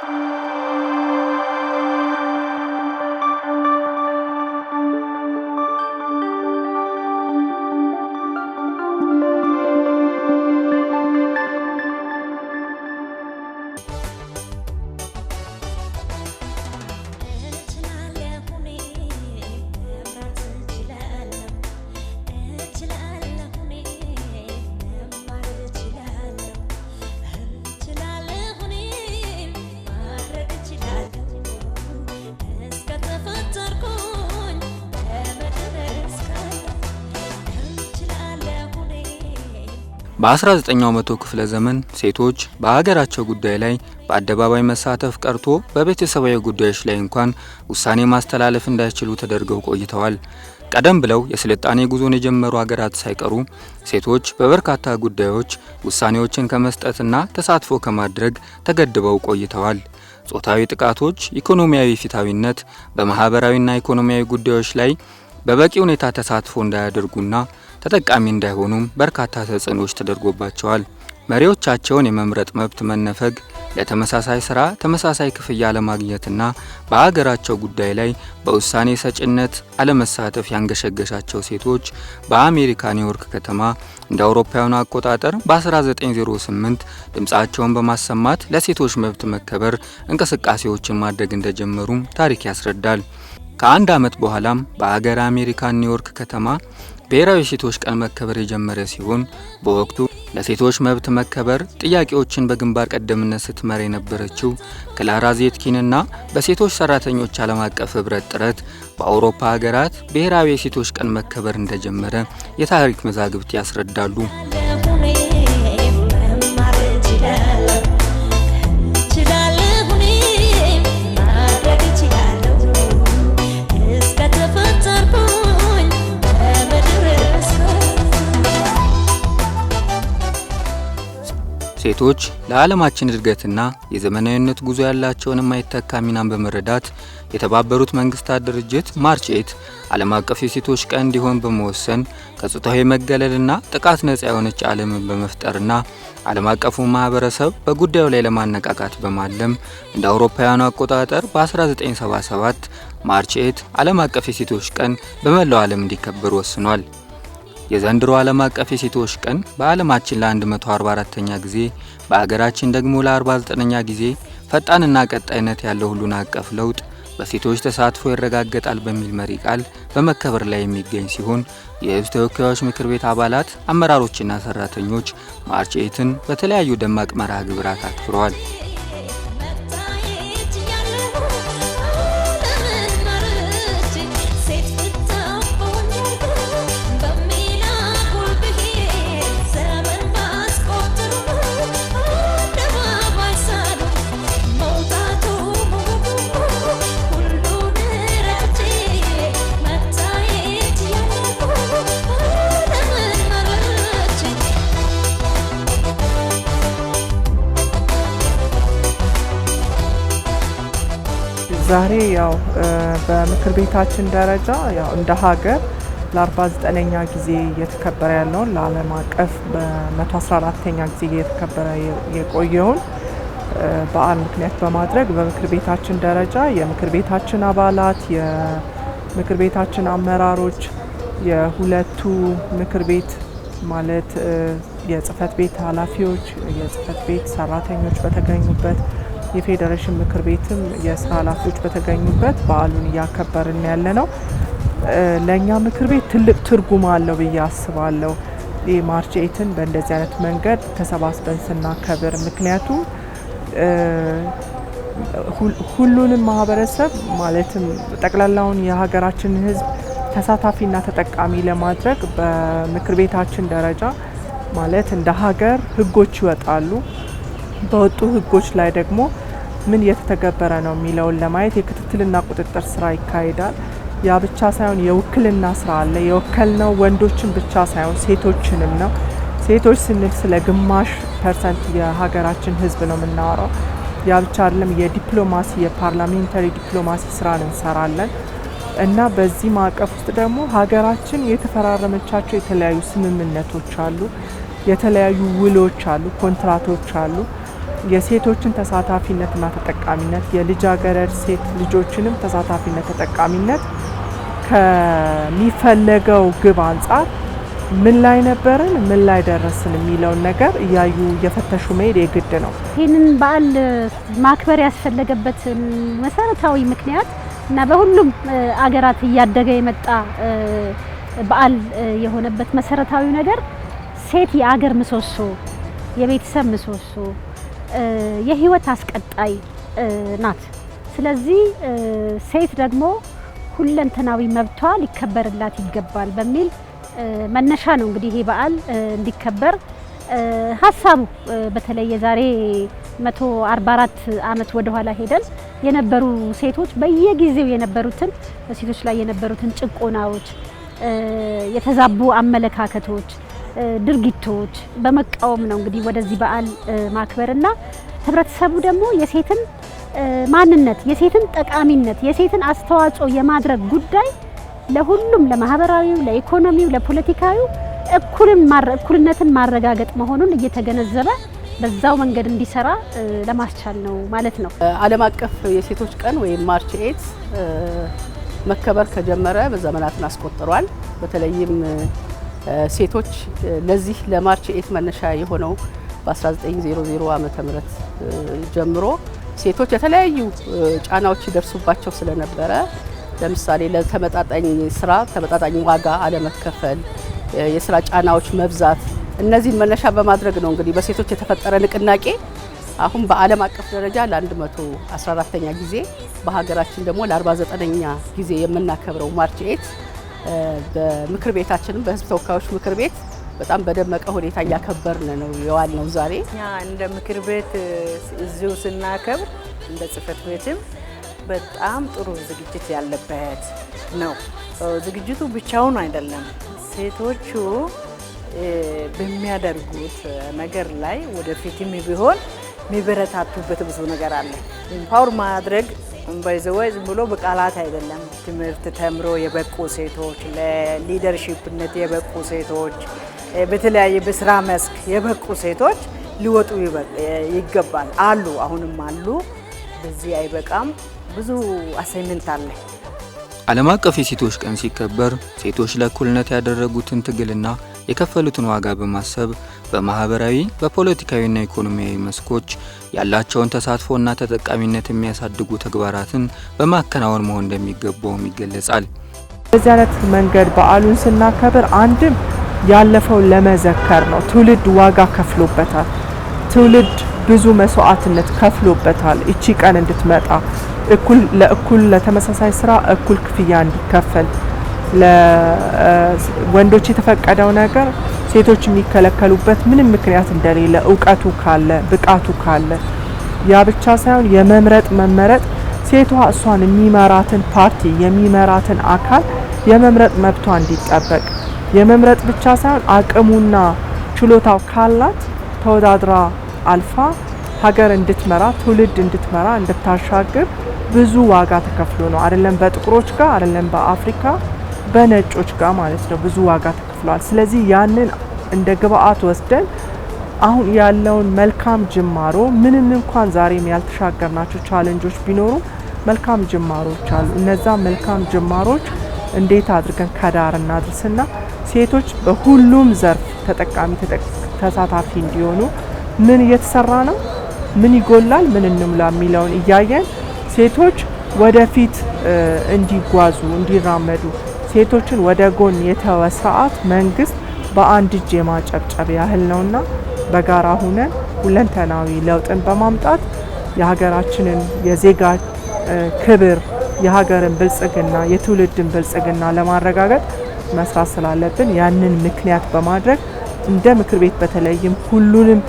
Thank you. በ19ኛው መቶ ክፍለ ዘመን ሴቶች በሀገራቸው ጉዳይ ላይ በአደባባይ መሳተፍ ቀርቶ በቤተሰባዊ ጉዳዮች ላይ እንኳን ውሳኔ ማስተላለፍ እንዳይችሉ ተደርገው ቆይተዋል። ቀደም ብለው የስልጣኔ ጉዞን የጀመሩ ሀገራት ሳይቀሩ ሴቶች በበርካታ ጉዳዮች ውሳኔዎችን ከመስጠትና ተሳትፎ ከማድረግ ተገድበው ቆይተዋል። ጾታዊ ጥቃቶች፣ ኢኮኖሚያዊ ፊታዊነት በማህበራዊና ኢኮኖሚያዊ ጉዳዮች ላይ በበቂ ሁኔታ ተሳትፎ እንዳያደርጉና ተጠቃሚ እንዳይሆኑም በርካታ ተጽዕኖዎች ተደርጎባቸዋል። መሪዎቻቸውን የመምረጥ መብት መነፈግ፣ ለተመሳሳይ ስራ ተመሳሳይ ክፍያ ለማግኘትና በሀገራቸው ጉዳይ ላይ በውሳኔ ሰጭነት አለመሳተፍ ያንገሸገሻቸው ሴቶች በአሜሪካ ኒውዮርክ ከተማ እንደ አውሮፓውያኑ አቆጣጠር በ1908 ድምፃቸውን በማሰማት ለሴቶች መብት መከበር እንቅስቃሴዎችን ማድረግ እንደጀመሩም ታሪክ ያስረዳል። ከአንድ ዓመት በኋላም በአገር አሜሪካን ኒውዮርክ ከተማ ብሔራዊ ሴቶች ቀን መከበር የጀመረ ሲሆን በወቅቱ ለሴቶች መብት መከበር ጥያቄዎችን በግንባር ቀደምነት ስትመራ የነበረችው ክላራ ዜትኪንና በሴቶች ሰራተኞች ዓለም አቀፍ ህብረት ጥረት በአውሮፓ ሀገራት ብሔራዊ የሴቶች ቀን መከበር እንደጀመረ የታሪክ መዛግብት ያስረዳሉ። ሴቶች ለዓለማችን እድገትና የዘመናዊነት ጉዞ ያላቸውን የማይተካ ሚናን በመረዳት የተባበሩት መንግስታት ድርጅት ማርች ኤት ዓለም አቀፍ የሴቶች ቀን እንዲሆን በመወሰን ከጾታዊ መገለልና ጥቃት ነጻ የሆነች ዓለምን በመፍጠርና ዓለም አቀፉ ማህበረሰብ በጉዳዩ ላይ ለማነቃቃት በማለም እንደ አውሮፓውያኑ አቆጣጠር በ1977 ማርች ኤት ዓለም አቀፍ የሴቶች ቀን በመላው ዓለም እንዲከበር ወስኗል። የዘንድሮ ዓለም አቀፍ የሴቶች ቀን በዓለማችን ለ144ኛ ጊዜ በአገራችን ደግሞ ለ49ኛ ጊዜ ፈጣንና ቀጣይነት ያለው ሁሉን አቀፍ ለውጥ በሴቶች ተሳትፎ ይረጋገጣል በሚል መሪ ቃል በመከበር ላይ የሚገኝ ሲሆን የሕዝብ ተወካዮች ምክር ቤት አባላት፣ አመራሮችና ሰራተኞች ማርች በተለያዩ ደማቅ መርሃ ግብራት አክብረዋል። ዛሬ ያው በምክር ቤታችን ደረጃ ያው እንደ ሀገር ለ49ኛ ጊዜ እየተከበረ ያለውን ለዓለም አቀፍ በ114ኛ ጊዜ እየተከበረ የቆየውን በዓል ምክንያት በማድረግ በምክር ቤታችን ደረጃ የምክር ቤታችን አባላት፣ የምክር ቤታችን አመራሮች፣ የሁለቱ ምክር ቤት ማለት የጽህፈት ቤት ኃላፊዎች፣ የጽህፈት ቤት ሰራተኞች በተገኙበት የፌዴሬሽን ምክር ቤትም የስራ ኃላፊዎች በተገኙበት በዓሉን እያከበርን ያለ ነው። ለእኛ ምክር ቤት ትልቅ ትርጉም አለው ብዬ አስባለሁ። ይህ ማርች ኤትን በእንደዚህ አይነት መንገድ ተሰባስበን ስናከብር፣ ምክንያቱም ሁሉንም ማህበረሰብ ማለትም ጠቅላላውን የሀገራችንን ሕዝብ ተሳታፊና ተጠቃሚ ለማድረግ በምክር ቤታችን ደረጃ ማለት እንደ ሀገር ሕጎች ይወጣሉ። በወጡ ህጎች ላይ ደግሞ ምን የተተገበረ ነው የሚለውን ለማየት የክትትልና ቁጥጥር ስራ ይካሄዳል። ያ ብቻ ሳይሆን የውክልና ስራ አለ። የወከልነው ወንዶችን ብቻ ሳይሆን ሴቶችንም ነው። ሴቶች ስንል ስለ ግማሽ ፐርሰንት የሀገራችን ህዝብ ነው የምናወራው። ያ ብቻ አይደለም። የዲፕሎማሲ የፓርላሜንታሪ ዲፕሎማሲ ስራን እንሰራለን እና በዚህ ማዕቀፍ ውስጥ ደግሞ ሀገራችን የተፈራረመቻቸው የተለያዩ ስምምነቶች አሉ፣ የተለያዩ ውሎች አሉ፣ ኮንትራቶች አሉ። የሴቶችን ተሳታፊነትና ተጠቃሚነት የልጃገረድ ሴት ልጆችንም ተሳታፊነት ተጠቃሚነት ከሚፈለገው ግብ አንጻር ምን ላይ ነበርን፣ ምን ላይ ደረስን የሚለውን ነገር እያዩ እየፈተሹ መሄድ የግድ ነው። ይህንን በዓል ማክበር ያስፈለገበት መሰረታዊ ምክንያት እና በሁሉም አገራት እያደገ የመጣ በዓል የሆነበት መሰረታዊ ነገር ሴት የአገር ምሰሶ፣ የቤተሰብ ምሰሶ የህይወት አስቀጣይ ናት። ስለዚህ ሴት ደግሞ ሁለንተናዊ መብቷ ሊከበርላት ይገባል በሚል መነሻ ነው እንግዲህ ይሄ በዓል እንዲከበር ሀሳቡ በተለይ የዛሬ 144 ዓመት ወደ ኋላ ሄደን የነበሩ ሴቶች በየጊዜው የነበሩትን ሴቶች ላይ የነበሩትን ጭቆናዎች፣ የተዛቡ አመለካከቶች ድርጊቶች በመቃወም ነው እንግዲህ ወደዚህ በዓል ማክበርና ህብረተሰቡ ደግሞ የሴትን ማንነት የሴትን ጠቃሚነት የሴትን አስተዋጽኦ የማድረግ ጉዳይ ለሁሉም ለማህበራዊው፣ ለኢኮኖሚው፣ ለፖለቲካዊው እኩልነትን ማረጋገጥ መሆኑን እየተገነዘበ በዛው መንገድ እንዲሰራ ለማስቻል ነው ማለት ነው። ዓለም አቀፍ የሴቶች ቀን ወይም ማርች ኤት መከበር ከጀመረ በዘመናትን አስቆጥሯል። በተለይም ሴቶች ለዚህ ለማርች ኤት መነሻ የሆነው በ1900 ዓ ም ጀምሮ ሴቶች የተለያዩ ጫናዎች ይደርሱባቸው ስለነበረ ለምሳሌ ለተመጣጣኝ ስራ ተመጣጣኝ ዋጋ አለመከፈል፣ የስራ ጫናዎች መብዛት እነዚህን መነሻ በማድረግ ነው እንግዲህ በሴቶች የተፈጠረ ንቅናቄ አሁን በዓለም አቀፍ ደረጃ ለ114ኛ ጊዜ በሀገራችን ደግሞ ለ49ኛ ጊዜ የምናከብረው ማርች ኤት በምክር ቤታችንም በህዝብ ተወካዮች ምክር ቤት በጣም በደመቀ ሁኔታ እያከበርን ነው የዋል ነው። ዛሬ እኛ እንደ ምክር ቤት እዚሁ ስናከብር እንደ ጽህፈት ቤትም በጣም ጥሩ ዝግጅት ያለበት ነው። ዝግጅቱ ብቻውን አይደለም። ሴቶቹ በሚያደርጉት ነገር ላይ ወደፊትም ቢሆን የሚበረታቱበት ብዙ ነገር አለ። ኢምፓወር ማድረግ ባይዘወይ ዝም ብሎ በቃላት አይደለም። ትምህርት ተምሮ የበቁ ሴቶች፣ ለሊደርሺፕነት የበቁ ሴቶች፣ በተለያየ በስራ መስክ የበቁ ሴቶች ሊወጡ ይገባል። አሉ፣ አሁንም አሉ። በዚህ አይበቃም። ብዙ አሳይመንት አለ። ዓለም አቀፍ የሴቶች ቀን ሲከበር ሴቶች ለእኩልነት ያደረጉትን ትግልና የከፈሉትን ዋጋ በማሰብ በማህበራዊ በፖለቲካዊና ኢኮኖሚያዊ መስኮች ያላቸውን ተሳትፎና ተጠቃሚነት የሚያሳድጉ ተግባራትን በማከናወን መሆን እንደሚገባውም ይገለጻል። በዚህ አይነት መንገድ በዓሉን ስናከብር አንድም ያለፈው ለመዘከር ነው። ትውልድ ዋጋ ከፍሎበታል። ትውልድ ብዙ መስዋዕትነት ከፍሎበታል። እቺ ቀን እንድትመጣ እኩል ለእኩል ለተመሳሳይ ስራ እኩል ክፍያ እንዲከፈል ለወንዶች የተፈቀደው ነገር ሴቶች የሚከለከሉበት ምንም ምክንያት እንደሌለ እውቀቱ ካለ ብቃቱ ካለ ያ ብቻ ሳይሆን የመምረጥ መመረጥ ሴቷ እሷን የሚመራትን ፓርቲ የሚመራትን አካል የመምረጥ መብቷ እንዲጠበቅ የመምረጥ ብቻ ሳይሆን አቅሙና ችሎታው ካላት ተወዳድራ አልፋ ሀገር እንድትመራ ትውልድ እንድትመራ እንድታሻግር ብዙ ዋጋ ተከፍሎ ነው አይደለም በጥቁሮች ጋር አይደለም በአፍሪካ በነጮች ጋር ማለት ነው ብዙ ዋጋ ተከፍሏል። ስለዚህ ያንን እንደ ግብአት ወስደን አሁን ያለውን መልካም ጅማሮ ምንም እንኳን ዛሬም ያልተሻገርናቸው ቻለንጆች ቢኖሩ መልካም ጅማሮች አሉ። እነዛ መልካም ጅማሮች እንዴት አድርገን ከዳር እናድርስና ሴቶች በሁሉም ዘርፍ ተጠቃሚ ተሳታፊ እንዲሆኑ ምን እየተሰራ ነው፣ ምን ይጎላል፣ ምን እንሙላ የሚለውን እያየን ሴቶች ወደፊት እንዲጓዙ እንዲራመዱ ሴቶችን ወደ ጎን የተወ ስርዓት መንግስት በአንድ እጅ የማጨብጨብ ያህል ነውና በጋራ ሁነን ሁለንተናዊ ለውጥን በማምጣት የሀገራችንን የዜጋ ክብር፣ የሀገርን ብልጽግና፣ የትውልድን ብልጽግና ለማረጋገጥ መስራት ስላለብን ያንን ምክንያት በማድረግ እንደ ምክር ቤት በተለይም ሁሉንም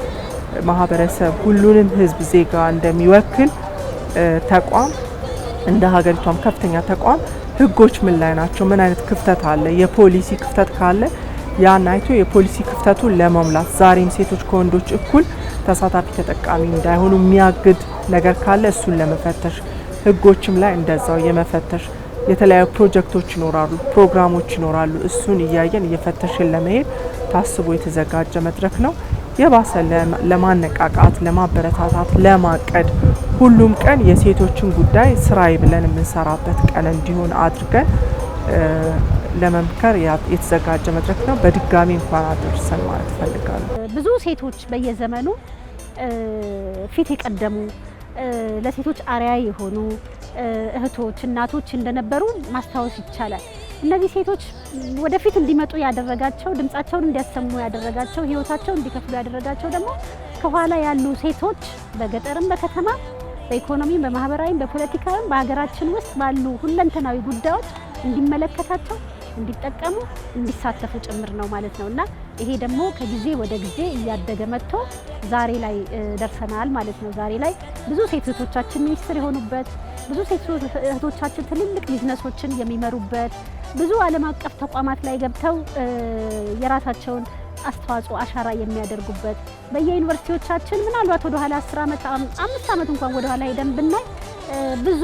ማህበረሰብ ሁሉንም ህዝብ ዜጋ እንደሚወክል ተቋም እንደ ሀገሪቷም ከፍተኛ ተቋም ህጎች ምን ላይ ናቸው? ምን አይነት ክፍተት አለ? የፖሊሲ ክፍተት ካለ ያን አይቶ የፖሊሲ ክፍተቱን ለመሙላት ዛሬም ሴቶች ከወንዶች እኩል ተሳታፊ ተጠቃሚ እንዳይሆኑ የሚያግድ ነገር ካለ እሱን ለመፈተሽ ህጎችም ላይ እንደዛው የመፈተሽ የተለያዩ ፕሮጀክቶች ይኖራሉ፣ ፕሮግራሞች ይኖራሉ። እሱን እያየን እየፈተሽን ለመሄድ ታስቦ የተዘጋጀ መድረክ ነው። የባሰ ለማነቃቃት፣ ለማበረታታት፣ ለማቀድ ሁሉም ቀን የሴቶችን ጉዳይ ስራዬ ብለን የምንሰራበት ቀን እንዲሆን አድርገን ለመምከር የተዘጋጀ መድረክ ነው። በድጋሚ እንኳን አደረሰን ማለት እፈልጋለሁ። ብዙ ሴቶች በየዘመኑ ፊት የቀደሙ ለሴቶች አርአያ የሆኑ እህቶች፣ እናቶች እንደነበሩ ማስታወስ ይቻላል። እነዚህ ሴቶች ወደፊት እንዲመጡ ያደረጋቸው፣ ድምጻቸውን እንዲያሰሙ ያደረጋቸው፣ ህይወታቸውን እንዲከፍሉ ያደረጋቸው ደግሞ ከኋላ ያሉ ሴቶች በገጠርም በከተማ በኢኮኖሚም በማህበራዊም በፖለቲካዊም በሀገራችን ውስጥ ባሉ ሁለንተናዊ ጉዳዮች እንዲመለከታቸው እንዲጠቀሙ እንዲሳተፉ ጭምር ነው ማለት ነው። እና ይሄ ደግሞ ከጊዜ ወደ ጊዜ እያደገ መጥቶ ዛሬ ላይ ደርሰናል ማለት ነው። ዛሬ ላይ ብዙ ሴት እህቶቻችን ሚኒስትር የሆኑበት፣ ብዙ ሴት እህቶቻችን ትልልቅ ቢዝነሶችን የሚመሩበት ብዙ ዓለም አቀፍ ተቋማት ላይ ገብተው የራሳቸውን አስተዋጽኦ አሻራ የሚያደርጉበት በየዩኒቨርሲቲዎቻችን ምናልባት ወደ ኋላ አስር ዓመት አምስት ዓመት እንኳን ወደ ኋላ ሄደን ብናይ ብዙ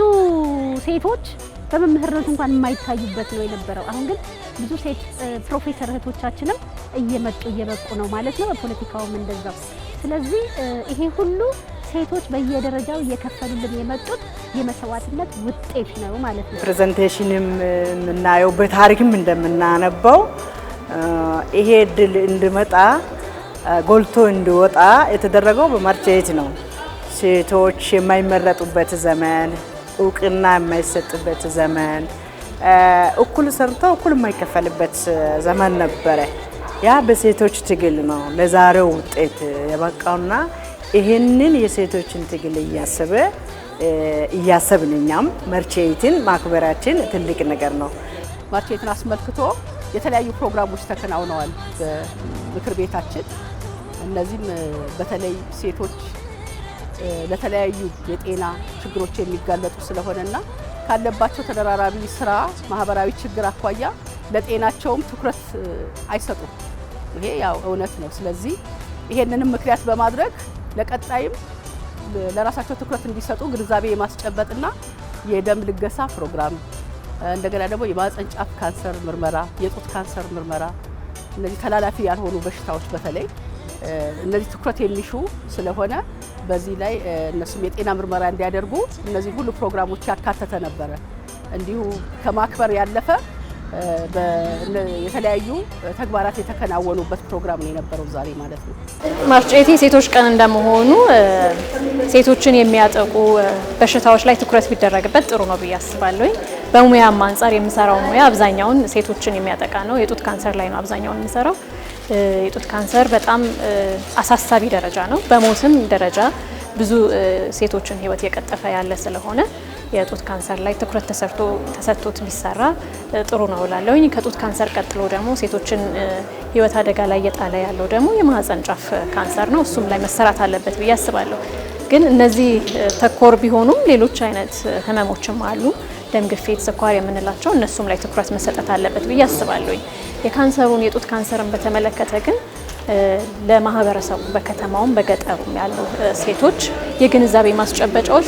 ሴቶች በመምህርነት እንኳን የማይታዩበት ነው የነበረው። አሁን ግን ብዙ ሴት ፕሮፌሰር እህቶቻችንም እየመጡ እየበቁ ነው ማለት ነው። በፖለቲካውም እንደዛው። ስለዚህ ይሄ ሁሉ ሴቶች በየደረጃው እየከፈሉልን የመጡት የመስዋዕትነት ውጤት ነው ማለት ነው። ፕሬዘንቴሽንም የምናየው በታሪክም እንደምናነበው ይሄ እድል እንዲመጣ ጎልቶ እንዲወጣ የተደረገው በማርቼት ነው። ሴቶች የማይመረጡበት ዘመን፣ እውቅና የማይሰጥበት ዘመን፣ እኩል ሰርተው እኩል የማይከፈልበት ዘመን ነበረ። ያ በሴቶች ትግል ነው ለዛሬው ውጤት የበቃውና ይህንን የሴቶችን ትግል እያሰበ እያሰብን እኛም መርቼትን ማክበራችን ትልቅ ነገር ነው። መርቼትን አስመልክቶ የተለያዩ ፕሮግራሞች ተከናውነዋል በምክር ቤታችን። እነዚህም በተለይ ሴቶች ለተለያዩ የጤና ችግሮች የሚጋለጡ ስለሆነና ካለባቸው ተደራራቢ ስራ ማህበራዊ ችግር አኳያ ለጤናቸውም ትኩረት አይሰጡም። ይሄ ያው እውነት ነው። ስለዚህ ይሄንንም ምክንያት በማድረግ ለቀጣይም ለራሳቸው ትኩረት እንዲሰጡ ግንዛቤ የማስጨበጥና የደም ልገሳ ፕሮግራም እንደገና ደግሞ የማህፀን ጫፍ ካንሰር ምርመራ፣ የጡት ካንሰር ምርመራ፣ እነዚህ ተላላፊ ያልሆኑ በሽታዎች በተለይ እነዚህ ትኩረት የሚሹ ስለሆነ በዚህ ላይ እነሱም የጤና ምርመራ እንዲያደርጉ እነዚህ ሁሉ ፕሮግራሞች ያካተተ ነበረ። እንዲሁ ከማክበር ያለፈ የተለያዩ ተግባራት የተከናወኑበት ፕሮግራም ነው የነበረው ዛሬ ማለት ነው። ማርች ሴቶች ቀን እንደመሆኑ ሴቶችን የሚያጠቁ በሽታዎች ላይ ትኩረት ቢደረግበት ጥሩ ነው ብዬ አስባለሁ። በሙያም አንጻር የምሰራው ሙያ አብዛኛውን ሴቶችን የሚያጠቃ ነው። የጡት ካንሰር ላይ ነው አብዛኛውን የምሰራው። የጡት ካንሰር በጣም አሳሳቢ ደረጃ ነው። በሞትም ደረጃ ብዙ ሴቶችን ሕይወት የቀጠፈ ያለ ስለሆነ የጡት ካንሰር ላይ ትኩረት ተሰርቶ ተሰጥቶት ቢሰራ ጥሩ ነው እላለሁኝ። ከጡት ካንሰር ቀጥሎ ደግሞ ሴቶችን ህይወት አደጋ ላይ እየጣለ ያለው ደግሞ የማህፀን ጫፍ ካንሰር ነው። እሱም ላይ መሰራት አለበት ብዬ አስባለሁ። ግን እነዚህ ተኮር ቢሆኑም ሌሎች አይነት ህመሞችም አሉ። ደም ግፊት፣ ስኳር የምንላቸው እነሱም ላይ ትኩረት መሰጠት አለበት ብዬ አስባለሁኝ። የካንሰሩን የጡት ካንሰርን በተመለከተ ግን ለማህበረሰቡ በከተማውም በገጠሩም ያሉ ሴቶች የግንዛቤ ማስጨበጫዎች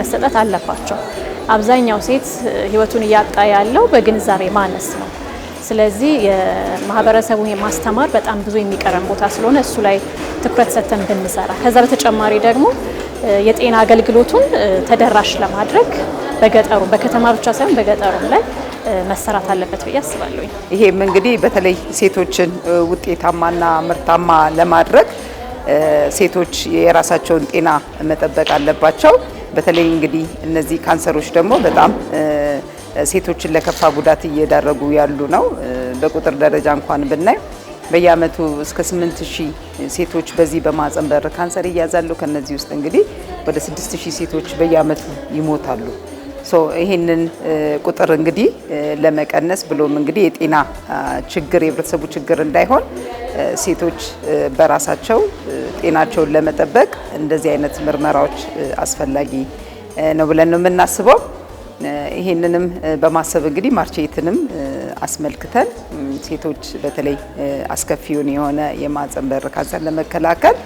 መሰጠት አለባቸው። አብዛኛው ሴት ህይወቱን እያጣ ያለው በግንዛቤ ማነስ ነው። ስለዚህ የማህበረሰቡን የማስተማር በጣም ብዙ የሚቀረን ቦታ ስለሆነ እሱ ላይ ትኩረት ሰጥተን ብንሰራ፣ ከዛ በተጨማሪ ደግሞ የጤና አገልግሎቱን ተደራሽ ለማድረግ በገጠሩ በከተማ ብቻ ሳይሆን በገጠሩም ላይ መሰራት አለበት ብዬ አስባለሁ። ይሄም እንግዲህ በተለይ ሴቶችን ውጤታማና ምርታማ ለማድረግ ሴቶች የራሳቸውን ጤና መጠበቅ አለባቸው። በተለይ እንግዲህ እነዚህ ካንሰሮች ደግሞ በጣም ሴቶችን ለከፋ ጉዳት እየዳረጉ ያሉ ነው። በቁጥር ደረጃ እንኳን ብናይ በየአመቱ እስከ 8000 ሴቶች በዚህ በማህጸን በር ካንሰር ይያዛሉ። ከነዚህ ውስጥ እንግዲህ ወደ 6000 ሴቶች በየአመቱ ይሞታሉ። ይህንን ቁጥር እንግዲህ ለመቀነስ ብሎም እንግዲህ የጤና ችግር የህብረተሰቡ ችግር እንዳይሆን ሴቶች በራሳቸው ጤናቸውን ለመጠበቅ እንደዚህ አይነት ምርመራዎች አስፈላጊ ነው ብለን ነው የምናስበው። ይህንንም በማሰብ እንግዲህ ማርቼትንም አስመልክተን ሴቶች በተለይ አስከፊውን የሆነ የማህጸን በር ካንሰር ለመከላከል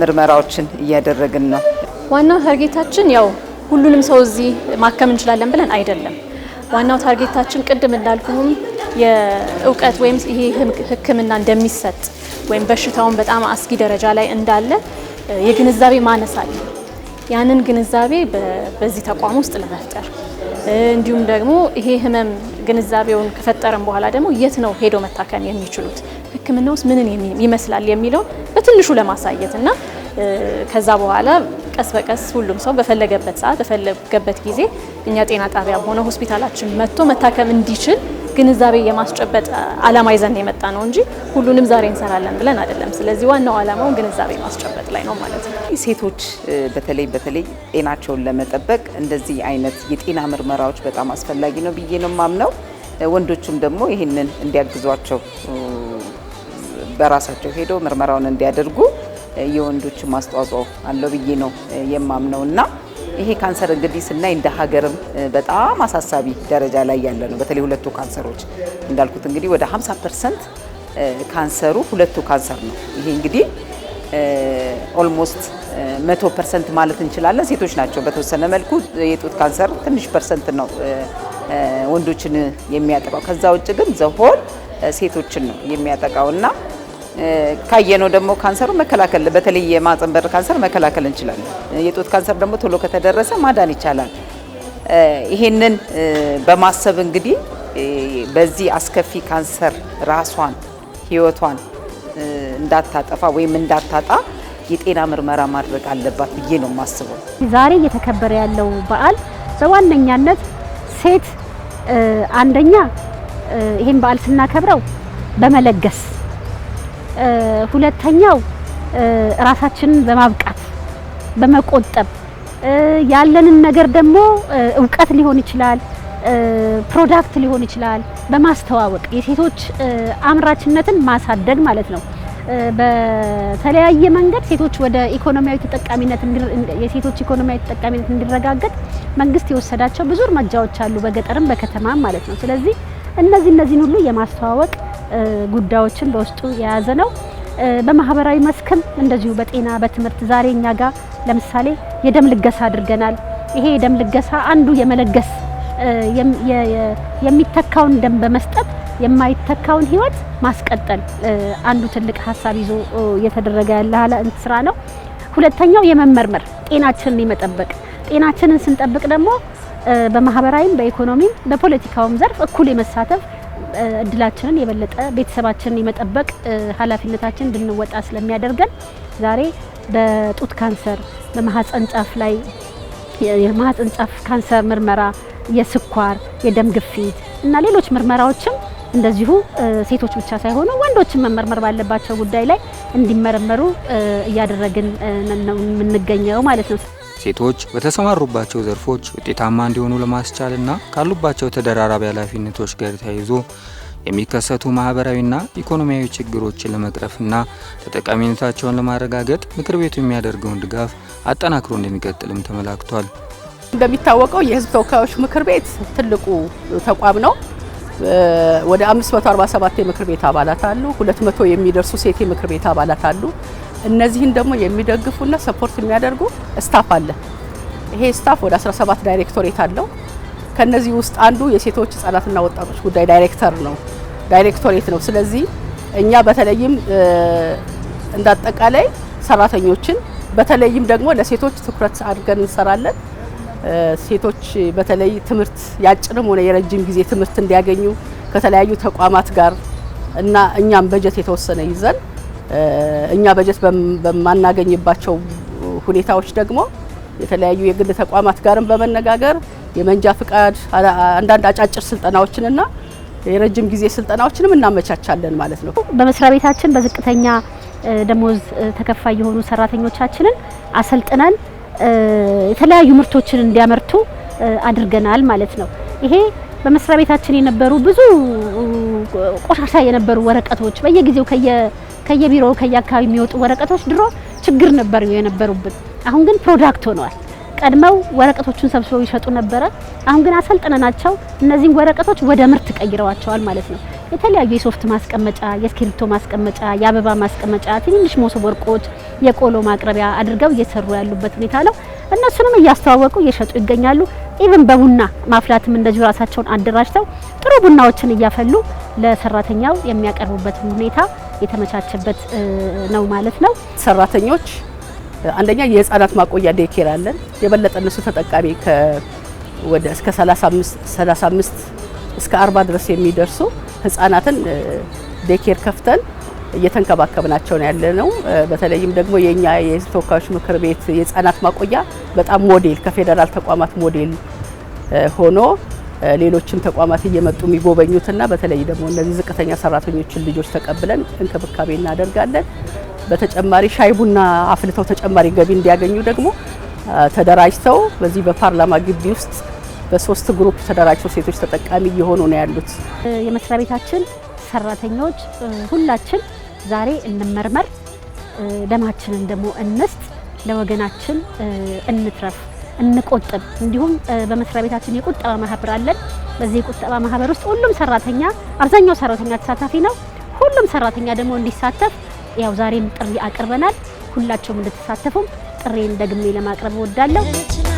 ምርመራዎችን እያደረግን ነው። ዋናው ታርጌታችን ያው ሁሉንም ሰው እዚህ ማከም እንችላለን ብለን አይደለም። ዋናው ታርጌታችን ቅድም እንዳልኩም የእውቀት ወይም ይሄ ሕክምና እንደሚሰጥ ወይም በሽታውን በጣም አስጊ ደረጃ ላይ እንዳለ የግንዛቤ ማነስ አለ። ያንን ግንዛቤ በዚህ ተቋም ውስጥ ለመፍጠር እንዲሁም ደግሞ ይሄ ህመም ግንዛቤውን ከፈጠረን በኋላ ደግሞ የት ነው ሄዶ መታከም የሚችሉት ህክምና ውስጥ ምንን ይመስላል የሚለውን በትንሹ ለማሳየት እና ከዛ በኋላ ቀስ በቀስ ሁሉም ሰው በፈለገበት ሰዓት በፈለገበት ጊዜ እኛ ጤና ጣቢያ ሆነ ሆስፒታላችን መጥቶ መታከም እንዲችል ግንዛቤ የማስጨበጥ አላማ ይዘን የመጣ ነው እንጂ ሁሉንም ዛሬ እንሰራለን ብለን አይደለም። ስለዚህ ዋናው ዓላማው ግንዛቤ ማስጨበጥ ላይ ነው ማለት ነው። ሴቶች በተለይ በተለይ ጤናቸውን ለመጠበቅ እንደዚህ አይነት የጤና ምርመራዎች በጣም አስፈላጊ ነው ብዬ ነው ማምነው። ወንዶቹም ደግሞ ይህንን እንዲያግዟቸው በራሳቸው ሄደው ምርመራውን እንዲያደርጉ የወንዶች ማስተዋጽኦ አለው ብዬ ነው የማምነው እና ይሄ ካንሰር እንግዲህ ስናይ እንደ ሀገርም በጣም አሳሳቢ ደረጃ ላይ ያለ ነው። በተለይ ሁለቱ ካንሰሮች እንዳልኩት እንግዲህ ወደ 50 ፐርሰንት ካንሰሩ ሁለቱ ካንሰር ነው። ይሄ እንግዲህ ኦልሞስት መቶ ፐርሰንት ማለት እንችላለን። ሴቶች ናቸው በተወሰነ መልኩ የጡት ካንሰር ትንሽ ፐርሰንት ነው ወንዶችን የሚያጠቃው። ከዛ ውጭ ግን ዘሆን ሴቶችን ነው የሚያጠቃው እና ካየነው ደግሞ ካንሰሩ መከላከል በተለይ የማህጸን በር ካንሰር መከላከል እንችላለን። የጡት ካንሰር ደግሞ ቶሎ ከተደረሰ ማዳን ይቻላል። ይሄንን በማሰብ እንግዲህ በዚህ አስከፊ ካንሰር ራሷን ህይወቷን እንዳታጠፋ ወይም እንዳታጣ የጤና ምርመራ ማድረግ አለባት ብዬ ነው የማስበው። ዛሬ እየተከበረ ያለው በዓል በዋነኛነት ሴት አንደኛ ይህን በዓል ስናከብረው በመለገስ ሁለተኛው ራሳችንን በማብቃት በመቆጠብ ያለንን ነገር ደግሞ እውቀት ሊሆን ይችላል፣ ፕሮዳክት ሊሆን ይችላል በማስተዋወቅ የሴቶች አምራችነትን ማሳደግ ማለት ነው። በተለያየ መንገድ ሴቶች ወደ ኢኮኖሚያዊ ተጠቃሚነት የሴቶች ኢኮኖሚያዊ ተጠቃሚነት እንዲረጋገጥ መንግስት የወሰዳቸው ብዙ እርምጃዎች አሉ፣ በገጠርም በከተማም ማለት ነው። ስለዚህ እነዚህ እነዚህን ሁሉ የማስተዋወቅ ጉዳዮችን በውስጡ የያዘ ነው። በማህበራዊ መስክም እንደዚሁ በጤና በትምህርት ዛሬ እኛ ጋር ለምሳሌ የደም ልገሳ አድርገናል። ይሄ የደም ልገሳ አንዱ የመለገስ የሚተካውን ደም በመስጠት የማይተካውን ህይወት ማስቀጠል አንዱ ትልቅ ሀሳብ ይዞ እየተደረገ ያለ ስራ ነው። ሁለተኛው የመመርመር ጤናችንን የመጠበቅ ጤናችንን ስንጠብቅ ደግሞ በማህበራዊም በኢኮኖሚም በፖለቲካውም ዘርፍ እኩል የመሳተፍ እድላችንን የበለጠ ቤተሰባችንን የመጠበቅ ኃላፊነታችን እንድንወጣ ስለሚያደርገን ዛሬ በጡት ካንሰር፣ በማህፀን ጫፍ ላይ የማህፀን ጫፍ ካንሰር ምርመራ፣ የስኳር፣ የደም ግፊት እና ሌሎች ምርመራዎችም እንደዚሁ ሴቶች ብቻ ሳይሆኑ ወንዶችን መመርመር ባለባቸው ጉዳይ ላይ እንዲመረመሩ እያደረግን ነው የምንገኘው ማለት ነው። ሴቶች በተሰማሩባቸው ዘርፎች ውጤታማ እንዲሆኑ ለማስቻልና ካሉባቸው ተደራራቢ ኃላፊነቶች ጋር ተያይዞ የሚከሰቱ ማህበራዊና ኢኮኖሚያዊ ችግሮችን ለመቅረፍና ተጠቃሚነታቸውን ለማረጋገጥ ምክር ቤቱ የሚያደርገውን ድጋፍ አጠናክሮ እንደሚቀጥልም ተመላክቷል። እንደሚታወቀው የህዝብ ተወካዮች ምክር ቤት ትልቁ ተቋም ነው። ወደ 547 የምክር ቤት አባላት አሉ። 200 የሚደርሱ ሴት የምክር ቤት አባላት አሉ። እነዚህን ደግሞ የሚደግፉና ሰፖርት የሚያደርጉ ስታፍ አለ። ይሄ ስታፍ ወደ 17 ዳይሬክቶሬት አለው። ከነዚህ ውስጥ አንዱ የሴቶች ህጻናትና ወጣቶች ጉዳይ ዳይሬክተር ነው ዳይሬክቶሬት ነው። ስለዚህ እኛ በተለይም እንዳጠቃላይ ሰራተኞችን በተለይም ደግሞ ለሴቶች ትኩረት አድርገን እንሰራለን። ሴቶች በተለይ ትምህርት ያጭርም ሆነ የረጅም ጊዜ ትምህርት እንዲያገኙ ከተለያዩ ተቋማት ጋር እና እኛም በጀት የተወሰነ ይዘን እኛ በጀት በማናገኝባቸው ሁኔታዎች ደግሞ የተለያዩ የግል ተቋማት ጋርም በመነጋገር የመንጃ ፍቃድ አንዳንድ አጫጭር ስልጠናዎችንና የረጅም ጊዜ ስልጠናዎችንም እናመቻቻለን ማለት ነው። በመስሪያ ቤታችን በዝቅተኛ ደሞዝ ተከፋይ የሆኑ ሰራተኞቻችንን አሰልጥነን የተለያዩ ምርቶችን እንዲያመርቱ አድርገናል ማለት ነው። ይሄ በመስሪያ ቤታችን የነበሩ ብዙ ቆሻሻ የነበሩ ወረቀቶች በየጊዜው ከየ ከየቢሮው ከየአካባቢ የሚወጡ ወረቀቶች ድሮ ችግር ነበር የነበሩብን። አሁን ግን ፕሮዳክት ሆነዋል። ቀድመው ወረቀቶቹን ሰብስበው ይሸጡ ነበረ። አሁን ግን አሰልጥነናቸው እነዚህን ወረቀቶች ወደ ምርት ቀይረዋቸዋል ማለት ነው። የተለያዩ የሶፍት ማስቀመጫ፣ የእስክሪብቶ ማስቀመጫ፣ የአበባ ማስቀመጫ፣ ትንንሽ መሶበ ወርቆች፣ የቆሎ ማቅረቢያ አድርገው እየሰሩ ያሉበት ሁኔታ ነው። እነሱንም እያስተዋወቁ እየሸጡ ይገኛሉ። ኢቭን በቡና ማፍላትም እንደዚሁ ራሳቸውን አደራጅተው ጥሩ ቡናዎችን እያፈሉ ለሰራተኛው የሚያቀርቡበት ሁኔታ የተመቻቸበት ነው ማለት ነው። ሰራተኞች አንደኛ የህፃናት ማቆያ ዴኬር አለን። የበለጠ እነሱ ተጠቃሚ ወደ እስከ 35 እስከ 40 ድረስ የሚደርሱ ህፃናትን ዴኬር ከፍተን እየተንከባከብናቸው ነው ነው። በተለይም ደግሞ የኛ የተወካዮች ምክር ቤት የህፃናት ማቆያ በጣም ሞዴል ከፌዴራል ተቋማት ሞዴል ሆኖ ሌሎችም ተቋማት እየመጡ የሚጎበኙትና በተለይ ደግሞ እነዚህ ዝቅተኛ ሰራተኞችን ልጆች ተቀብለን እንክብካቤ እናደርጋለን። በተጨማሪ ሻይ ቡና አፍልተው ተጨማሪ ገቢ እንዲያገኙ ደግሞ ተደራጅተው በዚህ በፓርላማ ግቢ ውስጥ በሶስት ግሩፕ ተደራጅተው ሴቶች ተጠቃሚ እየሆኑ ነው ያሉት። የመስሪያ ቤታችን ሰራተኞች ሁላችን ዛሬ እንመርመር፣ ደማችንን ደግሞ እንስጥ፣ ለወገናችን እንትረፍ፣ እንቆጥብ። እንዲሁም በመስሪያ ቤታችን የቁጠባ ማህበር አለን። በዚህ የቁጠባ ማህበር ውስጥ ሁሉም ሰራተኛ አብዛኛው ሰራተኛ ተሳታፊ ነው። ሁሉም ሰራተኛ ደግሞ እንዲሳተፍ ያው ዛሬም ጥሪ አቅርበናል። ሁላቸውም እንድትሳተፉም ጥሬን ደግሜ ለማቅረብ እወዳለሁ።